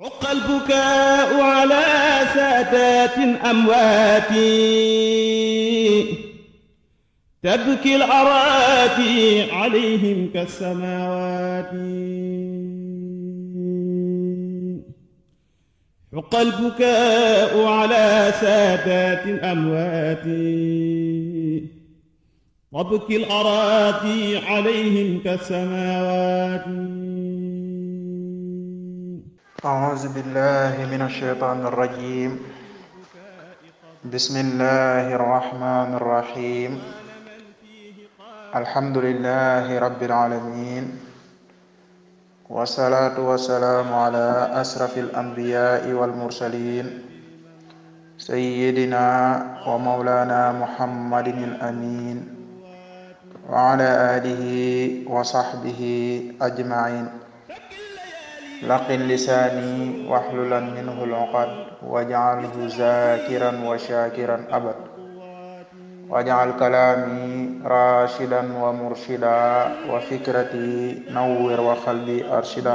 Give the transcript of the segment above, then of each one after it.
عق البكاء على سادات أمواتي تبكي الأراتي عليهم كالسماوات حق البكاء على سادات أموات تبكي الأراتي عليهم كالسماوات أعوذ بالله من الشيطان الرجيم بسم الله الرحمن الرحيم الحمد لله رب العالمين والصلاة والسلام على أشرف الأنبياء والمرسلين سيدنا ومولانا محمد الأمين وعلى آله وصحبه أجمعين laqin lisaani waxlulan minhu loqad wajaalhu zakiran wa shakiran abad wajaal kalaami rashidan wa murshida wa arshida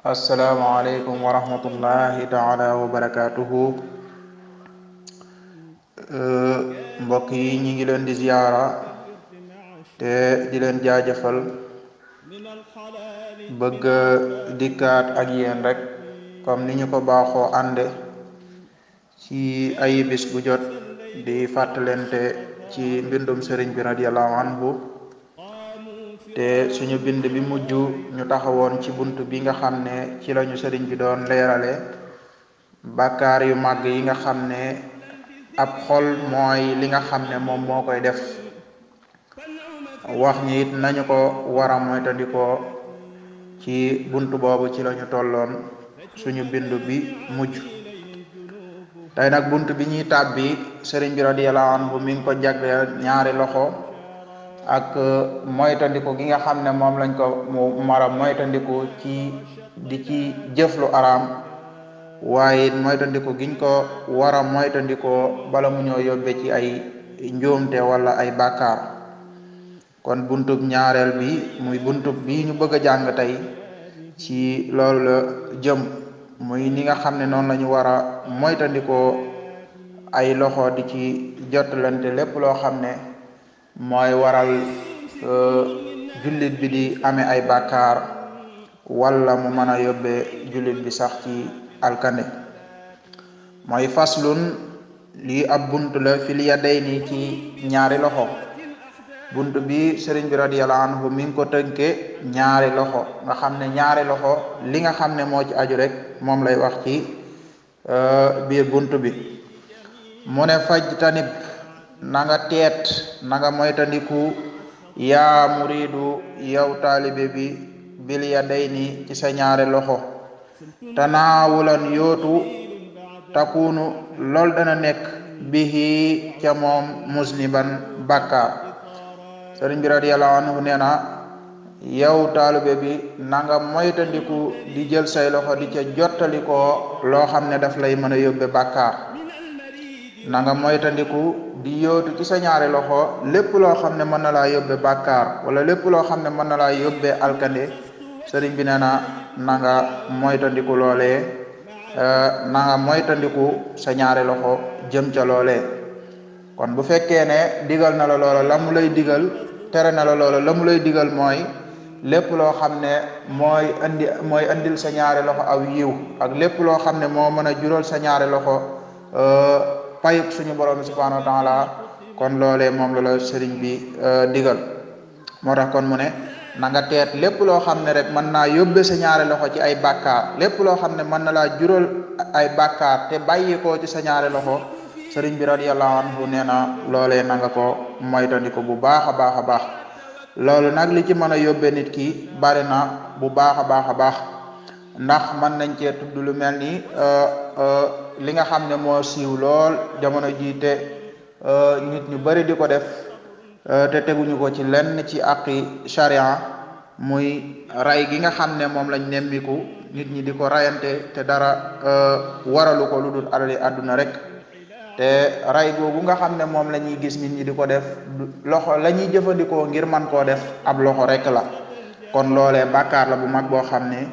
assalaamu aleykum wa rahmatullahi taala wa barakatuhu mbokk yi ñi ngi leen di ziyaara te di leen jaajëfal bëgg dikkaat ak yeen rek comme ni ñu ko baaxoo ànde ci ay bis bu jot di fàttalente ci mbindum sëriñ bi radiyallahu bu te suñu bind bi mujj ñu taxawoon ci bunt bi nga xam ne ci lañu sëriñ bi doon leerale bàkkaar yu màgg yi nga xam ne ab xol mooy li nga xam ne moom moo koy def wax ñi nañu ko war a moytandikoo ci bunt boobu ci lañu tolloon suñu bindu bi mujj tey nag bunt bi ñuy tàbbi sëriñ bi radiyallahu anhu mi ngi ko jagleel ñaari loxo ak euh, moytandiku gi nga xam ne moom lañ ko mara moytandiku ci di ci jëflu araam waaye moytandiku giñ ko wara a moytandikoo bala mu ñoo yóbbe ci ay njuumte wala ay bàkkaar kon buntub ñaareel bi muy buntub bi ñu bëgg a jàng tey ci loolu la jëm muy ni nga xam ne noonu lañu ñu war a moytandikoo ay loxo di ci jottalante lépp loo xam ne mooy waral euh, jullit bi di ame ay bàkkaar wala mu mën a yóbbee jullit bi sax ci alkande mooy faslun lii ab bunt la fil yadayni ci ñaari loxo bunt bi sëriñ bi radiyallahu anhu mi ngi ko tënke ñaari loxo nga xam ne ñaari loxo li nga xam ne moo ci aju rek moom lay wax ci euh, biir bunt bi mu ne faj tanib na teet nanga nga moytandiku yaa muridu yow taalibe bi bil ya day ni ci sa ñaari loxo tanaawulan yootu takunu lool dana nekk bihi ca moom musniban bakkaar sëriñ bi radiyallahu anhu nee na yow taalibe bi na nga moytandiku di jël say loxo di ca jottali koo loo xam ne daf lay mën a yóbbe bàkkaar na nga moytandiku di yóotu ci sa ñaari loxo lépp loo xam ne mën na laa yóbbe bàkkaar wala lépp loo xam ne mën na laa yóbbe alkande sëriñ bi nee na na nga moytandiku loolee eh, na nga moytandiku sa ñaari loxo jëm ca loolee kon bu fekkee ne digal na la loola la lay digal tere na la loola la mu lay digal mooy lépp loo xam ne mooy andi mooy andil sa ñaari loxo aw yiw ak lépp loo xam ne moo mën a jural sa ñaari loxo euh, payuk suñu borom subhanahu wa taala kon loolee moom la la sëriñ bi euh, digal moo tax kon mu ne na nga teet lépp loo xam ne rek mën naa yóbbe sa loxo ci ay bàkkaar lépp loo xam ne mën na laa jural ay bàkkaar te bàyyi ko ci sa loxo sëriñ bi radiyallahu anhu nee na loolee na nga ko moytandiku bu baax a baax a baax loolu nag li ci mën a yóbbee nit ki bari na bu baax a baax a baax ndax mën nañ cee tudd lu mel ni euh, euh, li nga xam ne moo siiw lool jamono jii te euh, nit ñu bari di ko def te teguñu ko ci lenn ci àqi charia muy ray gi nga xam ne moom lañ nemmiku nit ñi di ko rayante te dara waralu ko lu dul alali àdduna rek te ray googu nga xam ne moom la gis nit ñi di ko def loxo la ñuy jëfandikoo ngir man koo def ab loxo rek la kon loolee bàkkaar la bu mag boo xam ne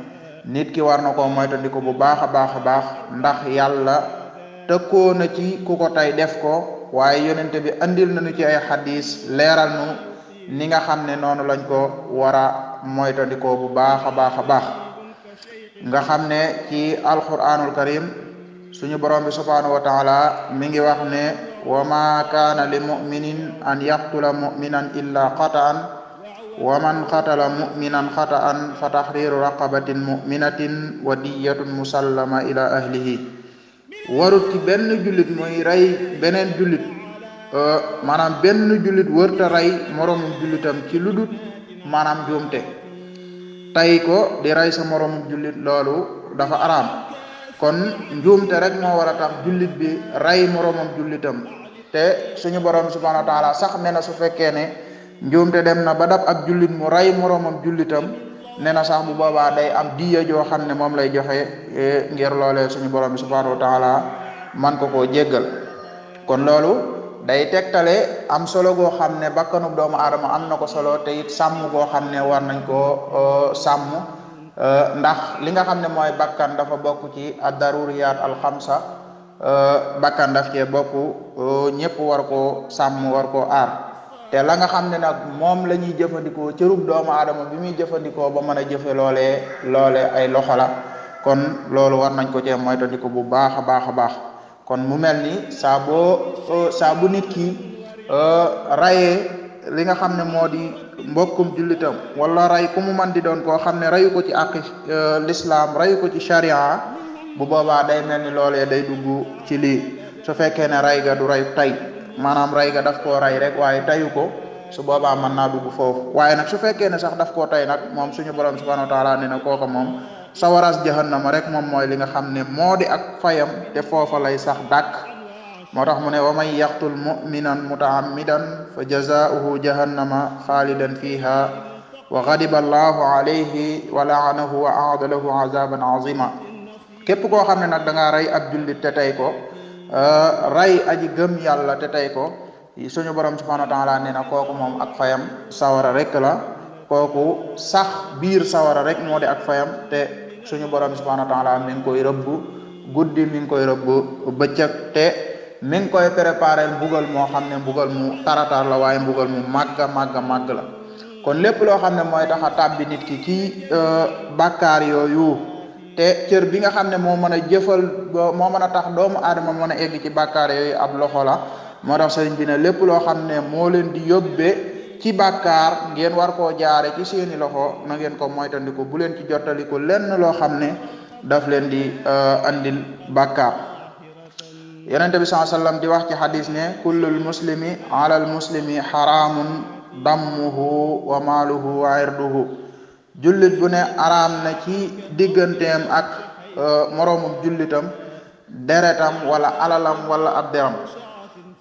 nit ki war na koo moytandiku bu baax a baax a baax ndax yàlla tëkkoo na ci ku ko tey def ko waaye yonente bi andil nañu ci ay xadis leeral nu ni nga xam ne noonu lañ ko war a moytandikoo bu baax a baax a baax nga xam ne ci alquranul karim suñu borom bi subhanahu mi ngi wax ne wa ma kaana li muminin an yaqtula muminan illa xataan wa man xatala muminan xataan fa taxriru raqabatin muminatin wa diyatun musallama ila ahlihi warut ci benn jullit muy rey beneen jullit euh, maanaam benn julit wërta rey moromum jullitam ci ludut maanaam juumte tey ko di rey sa moromum jullit loolu dafa araam kon njuumte rek moo war a tax jullit bi rey moroomam jullitam te suñu borom subhanahu wa sax ne na su fekkee ne njuumte dem na ba dab ab julit mu rey moroomam julitam ne na sax bu boobaa day am diya joo xam ne moom lay joxe e, ngir loole suñu borom subhanahu wa taala man ko koo jéggal kon loolu day tegtale am solo goo xam ne bakkanu doomu aadama am na ko solo te it sàmm goo xam ne war nañ koo e, sàmm Euh, ndax li nga xam ne mooy bakkan dafa bokku ci ad-daruriyat al-xamsa euh, bakkan daf cee bokk euh, ñëpp war koo sàmm war ko aar te la nga xam ne nag moom la ñuy jëfandikoo cërub doomu aadama bi muy jëfandikoo ba mën a jëfe loolee loole ay loxo la kon loolu war nañ ko cee moytandiku bu baax a baax a baax kon mu mel ni saa boo nit ki rayee li nga xam ne moo di mbokkum jullitam wala rey ku mu man di doon koo xam ne reyu ko ci àq euh, l'islam reyu ko ci charia bu boobaa day mel ni loolee day dugg ci lii su fekkee ne rey ga du rey tey maanaam rey ga daf koo rey rek waaye teyu ko su boobaa mën naa dugg foofu waaye nag su fekkee ne sax daf koo tey nag moom suñu borom subhanahu wa taala ne na kooka moom sawaras jahannama rek moom mooy li nga xam ne moo di ak fayam te foofa lay sax dàkk moo tax mu ne wa man yaqtul muminan mutaammidan fa jazaauhu jahannama xaalidan fiha wa ghadiba allahu alayhi wa laanahu wa aada azaban azima képp koo xam ne nag da ngaa rey ab jullit te tey ko euh, rey aji gëm yàlla te tey ko suñu borom subhanahu wa taala nee na kooku moom ak fayam sawara rek la kooku sax biir sawara rek moo di ak fayam te suñu borom subhanahu wa taala mi koy rëbb guddi mi koy rëbb bëccëg te mi ngi koy préparé mbugal moo xam ne mbugal mu taratar la waaye mbugal mu màgga màgga màgg la kon lépp loo xam ne mooy tax a tàbbi nit ki ci euh, bàkkaar yooyu te cër bi nga xam ne moo mën a jëfal moo mën a tax doomu aadama mën a egg ci bàkkaar yooyu ab loxo la moo tax sëriñ bi ne lépp loo xam ne moo leen di yóbbee ci bàkkaar ngeen war koo jaare ci seeni loxo na ngeen ko moytandiku bu leen ci jottaliku len loo xam ne daf leen di euh, andil bàkkaar yonente bi saa sallam di wax ci xadis ne kullul muslimi alal muslimi xaraamun dammuhu wa maaluhu wa irduhu jullit bu ne araam na ci digganteem ak euh, moroomum julitam deretam wala alalam wala ab deram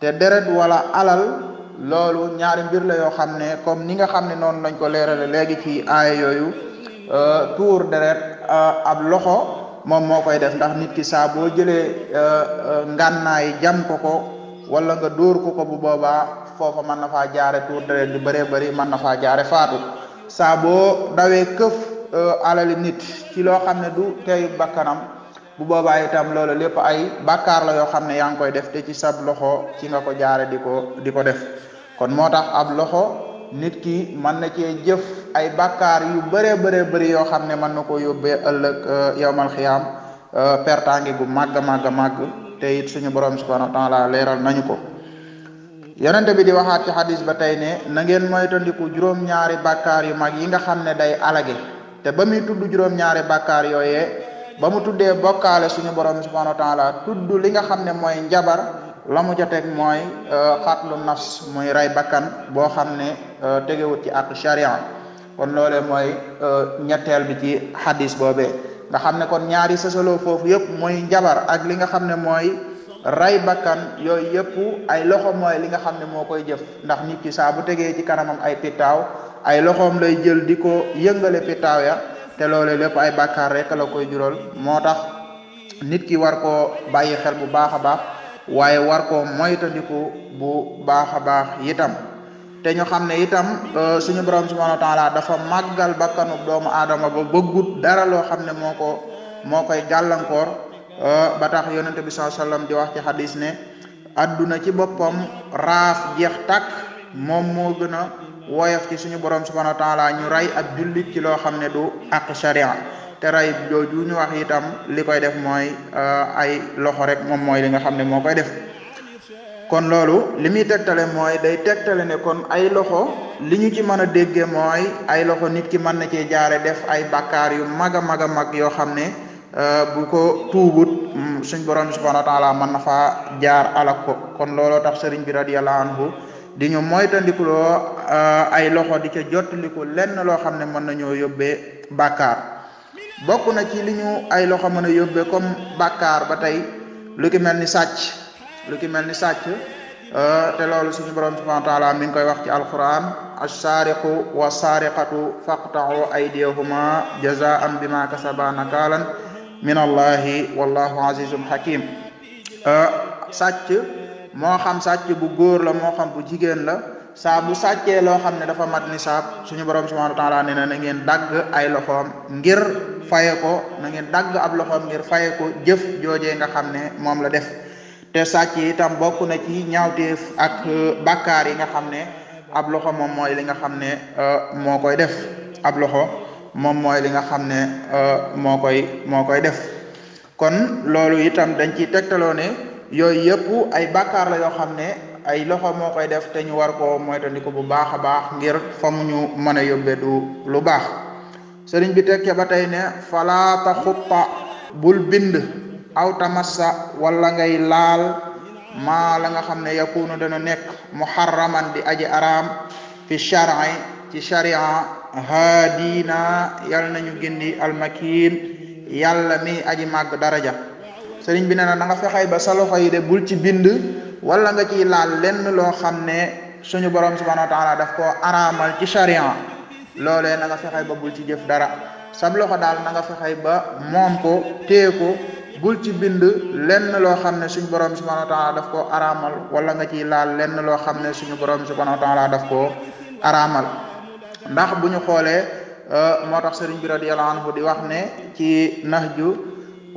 te deret wala alal loolu ñaari mbir la yoo xam ne comme ni nga xam ne noonu lañ ko leerale léegi ci aaya yooyu euh, tuur deret euh, ab loxo moom moo koy def ndax nit ki saa boo jëlee euh, euh, ngànnaay jam ko ko wala nga dóor ko ko bu boobaa foofa mën na faa jaare tuur deret ju bari bëri mën na faa jaare faatu saa boo dawee këf euh, alali nit ci loo xam ne du tey bakkanam bu boobaa itam loolu lépp ay bakkar la yoo xam ne yaa ngi koy def te ci sab loxo ci nga ko jaare di ko di ko def kon moo tax ab loxo nit ki mën na cee jëf ay bakkaar yu bëree bëree bëri yoo xam ne mën na ko yóbbee ëllëg euh, yowmal xiyaam euh, pertange gu màgg màgg màgg te it suñu borom subhanahu wa taala leeral nañu ko yonente bi di waxaat ci xadis ba tey ne na ngeen juróom-ñaari bàkkaar yu mag yi nga xam ne day alage te ba muy tudd juróom-ñaari bàkkaar yooyee ba mu tuddee bokkaale suñu borom subhanahu wa taala tudd li nga xam ne mooy njabar la mu ca teg mooy euh, xatlu nafs muy rey bakkan boo xam ne tegewut ci at sharia kon loole mooy euh, ñetteel bi ci hadis boobee nga xam ne kon ñaari sësaloo foofu yëpp mooy jabar ak li nga xam ne mooy ray bakkan yooyu yëpp ay loxo mooy li nga xam ne moo koy jëf ndax nit ki saa bu tegee ci kanamam ay pitaaw ay loxoom lay jël di ko yëngale pitaaw ya te loole lépp ay bàkkaar rek la koy juróol moo tax nit ki war koo bàyyi xel bu baax a baax waaye war koo moytandiku bu baax a baax yitam te ñu xam ne itam euh, suñu borom subhanahu wa taala dafa màggal bakkanu doomu aadama ba bëggut dara loo xam ne moo ko moo koy gàllankoor euh, ba tax yonent bi sallallahu alayhi di wax ci xadis ne adduna ci boppam raaf jeex tàkk moom moo gën a woyof ci suñu borom subhanahu wa taala ñu rey ab jullit ci loo xam ne du ak sharia te rey jooju ñu wax itam li koy def mooy euh, ay loxo rek moom mooy li nga xam ne moo koy def kon loolu li muy tegtale mooy day tegtale ne kon ay loxo li ñu ci mën a dégge mooy ay loxo nit ki mën na cee jaare def ay bakkaar yu mag a mag a mag yoo xam ne euh, bu ko tuugut mm, suñ borom bi subhanahu wa taala mën na faa jaar alak ko kon looloo tax sëriñ bi radiyallahu anhu di ñu moytandikuloo euh, ay loxo di ca jottaliku lenn loo xam ne mën nañoo yóbbee bakkaar bokk na ci li ñu ay loxo mën a yóbbee comme bakkaar ba tey lu ki mel ni sàcc lu ci mel ni sàcc euh, te loolu suñu borom subhanahu wa taala mi ngi koy wax ci alquran assaariqu wa saariqatu faqta'u aydiyahuma jazaan bima kasaba nakaalan min allahi wallahu azizun hakim euh, sàcc moo xam sàcc bu góor la moo xam bu jigéen la saa bu sàccee loo xam ne dafa mat nisaab suñu borom subhanahu wa taala nee na na ngeen dagg ay loxoom ngir faye ko na ngeen dagg ab loxoom ngir faye ko jëf joojee nga xam ne moom la def te sàcc itam bokk na ci ñaawteef ak euh, bàkkaar yi nga xam ne ab loxo moom mooy li nga xam ne euh, moo koy def ab loxo moom mooy li nga xam ne euh, moo koy moo koy def kon loolu itam dañ ci tegtaloo ne yooyu yëpp ay bàkkaar la yoo xam ne ay loxo moo koy def te ñu war koo moytandiku bu baax a baax ngir fa mu ñu mën a yóbbee du lu baax sëriñ bi tekke ba tey ne falaata xuppa bul bind aw tamassa wala ngay laal maa la nga xam ne yakunu dana nekk muharraman di aji araam fi shar'i ci sharia na yàlla nañu gindi almakin yàlla mi aji màgg daraja sëriñ bi ne na nga fexey ba sa loxo yi de bul ci bind wala nga ci laal lenn loo xam ne suñu borom subhanahu wa taala daf koo araamal ci sharia loolee na fexey ba bul ci jëf dara sab daal na fexey ba moom ko bul ci bind lenn loo xam ne suñu borom subhanahu wa taala daf koo araamal wala nga ci laal lenn loo xam ne suñu borom subhanahu wa taala daf koo araamal ndax bu ñu xoolee euh, moo tax sëriñ bi radiyallahu anhu di wax ne ci nahju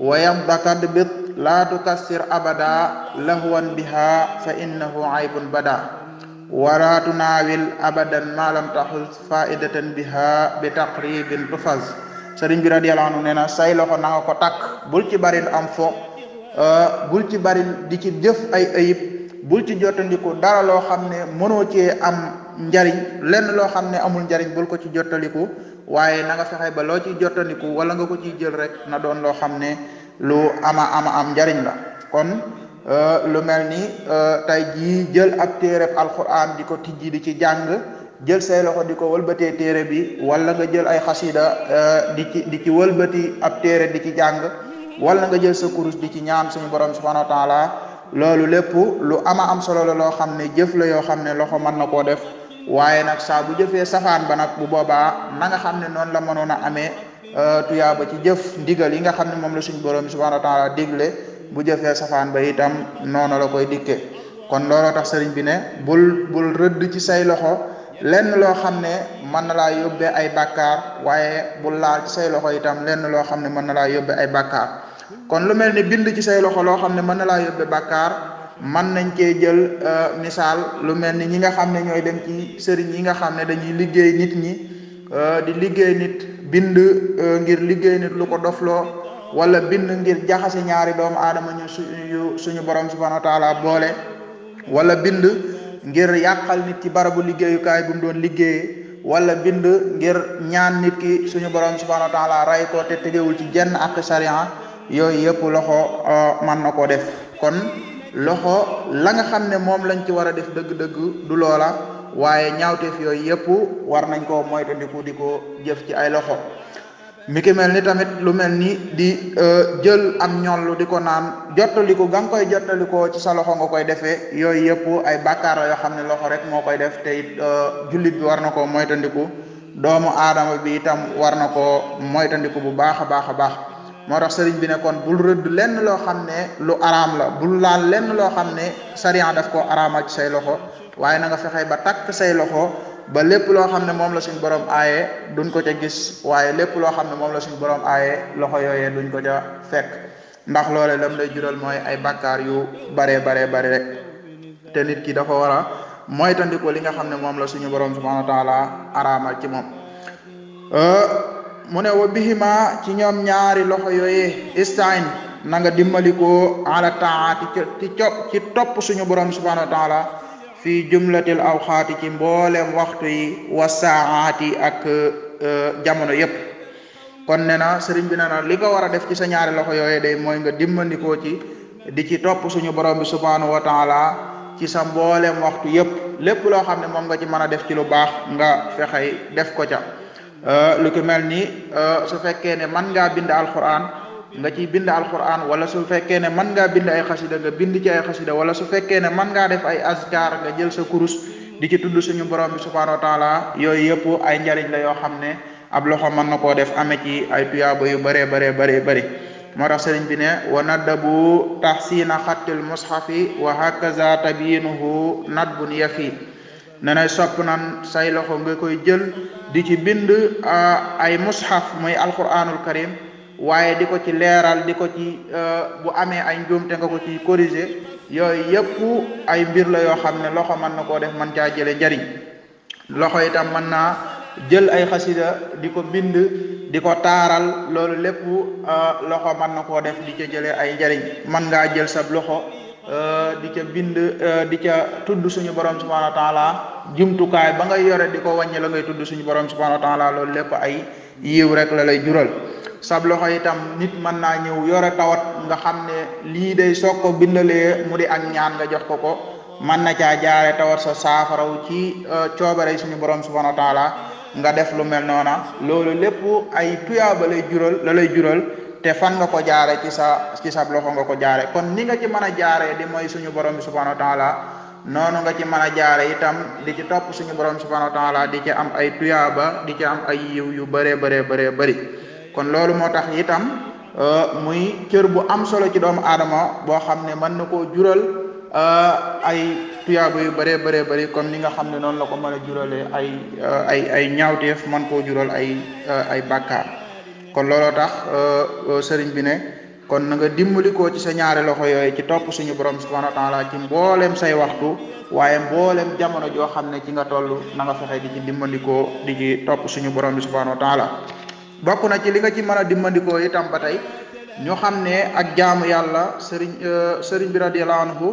wayam dakad bit laa tukassir abada lahwan biha fa innahu aybun bada wala tunaawil abadan ma lam taxus faidatan biha bi taqribin tufaz sëriñ bi radiyallahu anhu nee na say loxo na nga ko takk bul ci bari am fo euh, bul ci bari di ci jëf ay ayib bul ci jotandiku dara loo xam ne mënoo cee am njariñ lenn loo xam ne amul njariñ bul ko ci jottaliku waaye na nga fexe ba loo ci jotandiku wala nga ko ci jël rek na doon loo xam ne lu ama ama am njariñ la kon euh, lu mel ni euh, tey ji jël ab téereb alquran di ko tijji di ci jàng jël say loxo di ko wëlbatee téere bi wala nga jël ay xasida euh, di ci di ci wëlbati ab téere di ci jàng wala nga jël sa kurus di ci ñaan suñu borom subhanahu wa taala loolu lépp lu ama am solo la loo xam ne jëf la yoo xam ne loxo mën na koo def waaye nag saa bu jëfee safaan ba nag bu boobaa na xam ne noonu la mënoon a amee euh, tuyaaba ci jëf ndigal yi nga xam ne moom la suñu borom subhanahu wa taala digle bu jëfee safaan ba itam noonu la koy dikke kon looloo tax sëriñ bi ne bul bul rëdd ci say loxo. lenn loo xam ne mën na laa yóbbe ay bakkaar waaye bu laal ci say loxo itam lenn loo xam ne mën na laa yóbbee ay bàkkaar kon lu mel ni bind ci say loxo loo xam ne mën na laa yóbbee bàkkaar mën nañ cee jël euh, misaal lu mel ni ñi nga xam ne ñooy dem ci sëriñ yi nga xam ne dañuy liggéey nit ñi euh, di liggéey nit bind euh, ngir liggéey nit lu ko dofloo wala bind ngir jaxase ñaari doomu aadama ñu suñu borom subhanahu wa taala boole wala bind ngir yàqal nit ci barabu liggéeyukaay bu mu doon liggéeyee wala bind ngir ñaan nit ki suñu borom subhanahu wa ray ko te tegewul ci jenn ak sariya yooyu yëpp loxo euh, mën na koo def kon loxo la nga xam ne moom lañ ci war a def dëgg-dëgg du loola waaye ñaawteef yooyu yëpp war nañ koo moytandiku di ko jëf ci ay loxo mi ki mel ni tamit lu mel ni di euh, jël am ñollu di ko naan jottaliku ga koy jottalikoo ci sa loxo nga koy defee yooyu yëpp ay bàkkaar yoo xam ne loxo rek moo koy def tey it euh, jullit bi war na koo moytandiku doomu aadama bi itam war na koo moytandiku bu baax a baax a baax moo tax sëriñ bi ne kon bul rëdd lenn loo xam ne lu araam la bul laal lenn loo xam ne sariya a koo araamal ci say loxo waaye na nga fexe ba takk say loxo. ba lépp loo xam ne moom la suñ borom aaye duñ ko ca gis waaye lépp loo xam ne moom la suñ borom aaye loxo yooyee duñ ko ca fekk ndax loole lam lay jural mooy ay bakkaar yu baree baree bare rek te nit ki dafa war a moytandiku li nga xam ne moom la suñu borom subhanahu wa taala araamal ci moom mu ne wa bihima ci ñoom ñaari loxo yooyee istain na nga dimbalikoo ala taati ci ci topp suñu borom subhanahu wa fi jumlatil awxaati ci mbooleem waxtu yi wa saaati ak euh, jamono yépp kon ne na sëriñ bi ne na li nga war a def ci sa ñaari loxo yooyu day mooy nga dimbandikoo ci di ci topp suñu borom bi subhaanahu wa taala ci sa mbooleem waxtu yépp lépp loo xam ne moom nga ci mën a def ci lu baax nga fexey def ko ca euh, lu ni euh, su fekkee ne man ngaa bind alquran nga ci bind al alquran wala su fekkee ne mën ngaa bind ay xasida nga bind ci ay xasida wala su fekkee ne mën ngaa def ay azkar nga jël sa kurus di ci tudd suñu borom bi subhanahu wa taala yooyu yëpp ay njariñ la yoo xam ne ab loxo mën na koo def ame ci ay tuyaaba yu baree baree baree bëri moo tax bi ne wa naddabu tahsina xattil mushafi wa hakaza tabiinuhu nadbun yafi ne nay sopp nan say loxo nga koy jël di ci bind ay mushaf muy alquranul karim waaye di ko ci leeral di ko ci euh, bu amee ay njuumte nga ko ci corriger yooyu yëpp ay mbir la yoo xam ne loxo mën na koo def mën caa jële njariñ loxo itam mën naa jël ay xasida di ko bind di ko taaral loolu lépp euh, loxo mën na koo def di ca jële ay njariñ mën ngaa jël sab loxo euh, di ca bind di ca tudd suñu borom subhanahu wa la jumtukaay ba ngay yore di ko la ngay tudd suñu borom subhanahu wa la loolu lépp ay yiw rek la lay jural sab loxo yitam nit mën naa ñëw yore tawat nga xam ne lii day soog ko bindalee mu di ak ñaan nga jox ko ko mën na caa jaare tawat sa saafaraw ci euh, coobare suñu borom subhanahu wa taala nga def lu mel noona loolu lépp ay tuyaaba lay jural la lay jural te fan nga ko jaare ci sa ci sab loxo nga ko jaare kon ni nga ci mën a jaare di mooy suñu borom bi subhanahu wa taala noonu nga ci mën a jaare itam di ci topp suñu borom subhanahu wa taala di ci am ay tuyaaba di ci am ay yiw yu bëree bëree bëree bëri kon loolu moo tax itam euh, muy cër bu am solo ci doomu aadama boo xam ne mën na koo jural euh, ay tuyaaba yu bëree bëree bëri comme ni nga xam ne noonu la ko mën a jurale ay euh, ay ay ñaawteef man koo jural ay ay bàkkaar kon looloo tax sëriñ bi ne kon na nga dimbali ko ci sa ñaari loxo yooyu ci topp suñu borom subhanahu wa taala ci mbooleem say waxtu waaye mboolem jamono joo xam ne ci nga toll na nga fexe di ci dimbali ko di ci topp suñu borom bi subhanahu wa la bokk na ci li nga ci mën a dimbandikoo itam ba tey ñu xam ne ak jaamu yàlla sëriñ euh, sëriñ bi radiyallahu anhu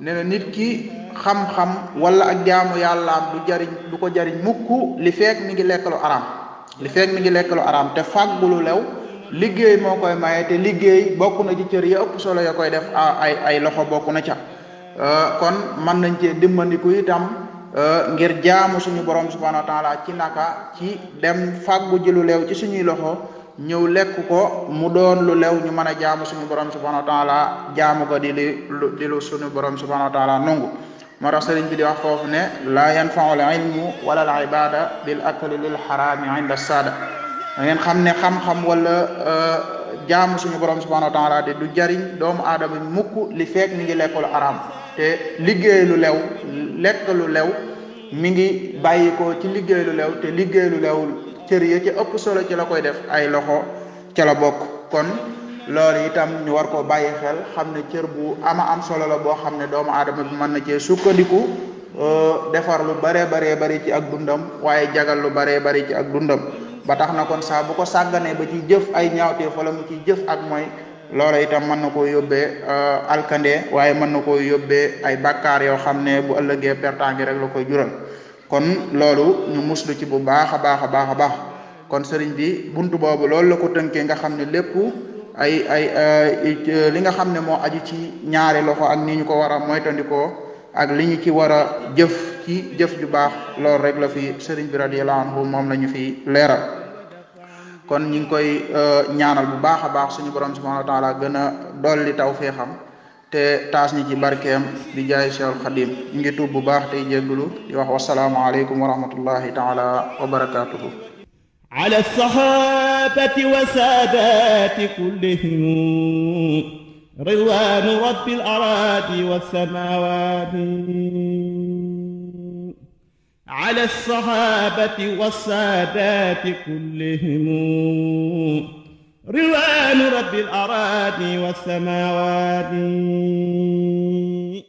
ne na nit ki xam-xam wala ak jaamu yàllaam du jariñ du ko jariñ mukk li feek mi ngi lekk lu araam li feek mi ngi lekk lu araam te fàggu lew liggéey moo koy maye te liggéey bokk na ci cër ya ëpp solo ya koy def ay ay loxo bokku na ca euh, kon mën nañ cee dimbandiku itam Eh, ngir jaamu suñu borom subhanahu wa taala ci naka ci dem fàggu ji lu leew ci suñuy loxo ñëw lekk ko mu doon lu lew ñu mën a jaamu suñu borom subhanahu wa taala jaamu ko di lu di suñu borom subhanahu wa taala nungu moo bi di wax foofu ne laa wala al ibada bil akli ngeen xam ne xam-xam wala eh, jaamu suñu borom subhanahu wa taala di du jariñ doomu aadama mukk li fekk mi ngi lekkool araam te liggéey lu lew lekk lu lew mi ngi bàyyi ko ci liggéey lu lew te liggéey lu lew cër ya ci ëpp solo ci la koy def ay loxo ca la bokk kon loolu itam ñu war koo bàyyi xel xam ne cër bu ama am solo la boo xam ne doomu aadama bi mën na cee sukkandiku euh, defar lu baree baree bari ci ak dundam waaye jagal lu baree bari ci ak dundam ba tax na kon saa bu ko sàgganee ba ci jëf ay ñaawtee fa la mu ciy jëf ak mooy loolu itam mën na koo yóbbee euh, alkande waaye mën na koo yóbbee ay bàkkaar yoo xam ne bu ëllëgee pertangi rek la koy jural kon loolu ñu muslu ci bu baax a baax a baax a baax kon sëriñ bi bunt boobu loolu la ko tënkee nga xam ne lépp ay ay euh, euh, li nga xam ne moo aju ci ñaari loxo ak ni ñu ko war a moytandikoo ak li ñu ci war a jëf ci jëf ju baax loolu rek la fi sëriñ bi radiyallahu anhu moom la ñu fi leeral kon ñu ngi koy euh, ñaanal bu baax a baax suñu borom subhanahu wa taala gën a dolli taw fee xam te taas ñi ci barkeem di jaay Cheikhul Khadim ñu bu baax tey jégglu di wax wasalaamualeykum wa rahmatullahi taala wa barakatuhu ala sahabati wa kullihim ridwanu rabbil aradi wa samawati على الصحابة والسادات كلهم رضوان رب الأراضي والسماوات